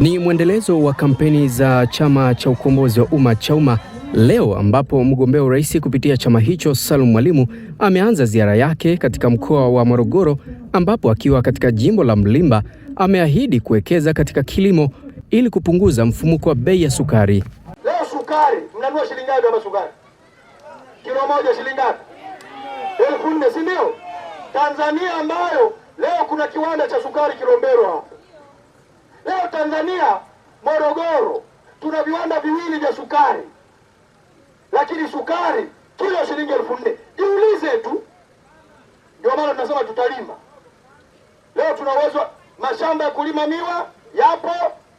Ni mwendelezo wa kampeni za chama cha ukombozi wa umma CHAUMMA leo ambapo mgombea urais kupitia chama hicho Salum Mwalimu ameanza ziara yake katika mkoa wa Morogoro, ambapo akiwa katika jimbo la Mlimba ameahidi kuwekeza katika kilimo ili kupunguza mfumuko wa bei ya sukari. Leo sukari mnanua shilingi ngapi? sukari kilo moja shilingi ngapi? elfu nne si ndio? Tanzania ambayo leo kuna kiwanda cha sukari Kilombero Tanzania, Morogoro tuna viwanda viwili vya sukari, lakini sukari kilo shilingi elfu nne. Jiulize tu, ndio maana tunasema tutalima. Leo tuna uwezo, mashamba ya kulima miwa yapo,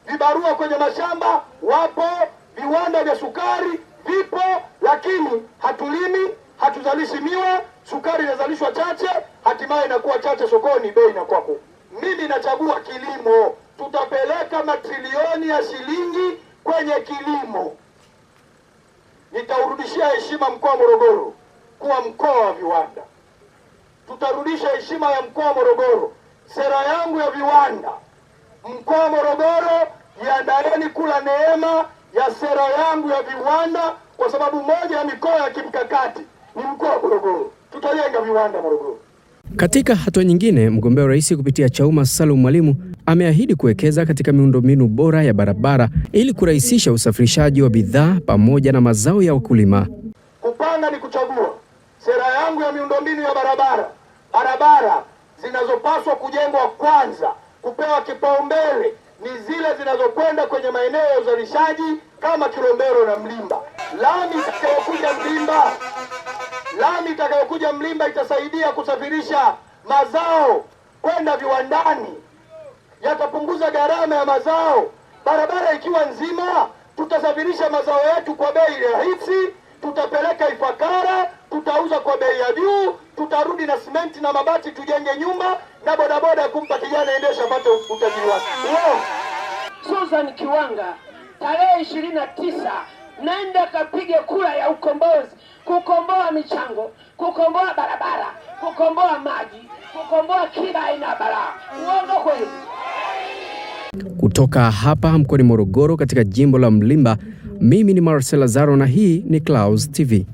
vibarua kwenye mashamba wapo, viwanda vya sukari vipo, lakini hatulimi, hatuzalishi miwa. Sukari inazalishwa chache, hatimaye inakuwa chache sokoni, bei inakuwa kubwa. Mimi nachagua kilimo tutapeleka matrilioni ya shilingi kwenye kilimo. Nitaurudishia heshima mkoa wa Morogoro kuwa mkoa wa viwanda, tutarudisha heshima ya mkoa wa Morogoro. Sera yangu ya viwanda, mkoa wa Morogoro, jiandaeni kula neema ya sera yangu ya viwanda, kwa sababu moja ya mikoa ya kimkakati ni mkoa wa Morogoro. Tutajenga viwanda Morogoro. Katika hatua nyingine, mgombea urais kupitia Chauma Salum Mwalimu ameahidi kuwekeza katika miundombinu bora ya barabara ili kurahisisha usafirishaji wa bidhaa pamoja na mazao ya wakulima. Kupanga ni kuchagua. Sera yangu ya miundombinu ya barabara, barabara zinazopaswa kujengwa kwanza kupewa kipaumbele ni zile zinazokwenda kwenye maeneo ya uzalishaji kama Kilombero na Mlimba. Lami itakayokuja Mlimba, lami itakayokuja Mlimba itasaidia kusafirisha mazao kwenda viwandani yatapunguza gharama ya mazao. Barabara ikiwa nzima, tutasafirisha mazao yetu kwa bei rahisi, tutapeleka Ifakara, tutauza kwa bei ya juu, tutarudi na simenti na mabati, tujenge nyumba na bodaboda kumpa kijana endesha apate utajiri wake. Susan Kiwanga, tarehe ishirini na tisa naenda kapige kura ya ukombozi, kukomboa michango, kukomboa barabara, kukomboa maji, kukomboa kila aina ya balaa. Uongo kweli? Kutoka hapa mkoani Morogoro, katika jimbo la Mlimba, mimi ni Marcel Lazaro na hii ni Clouds TV.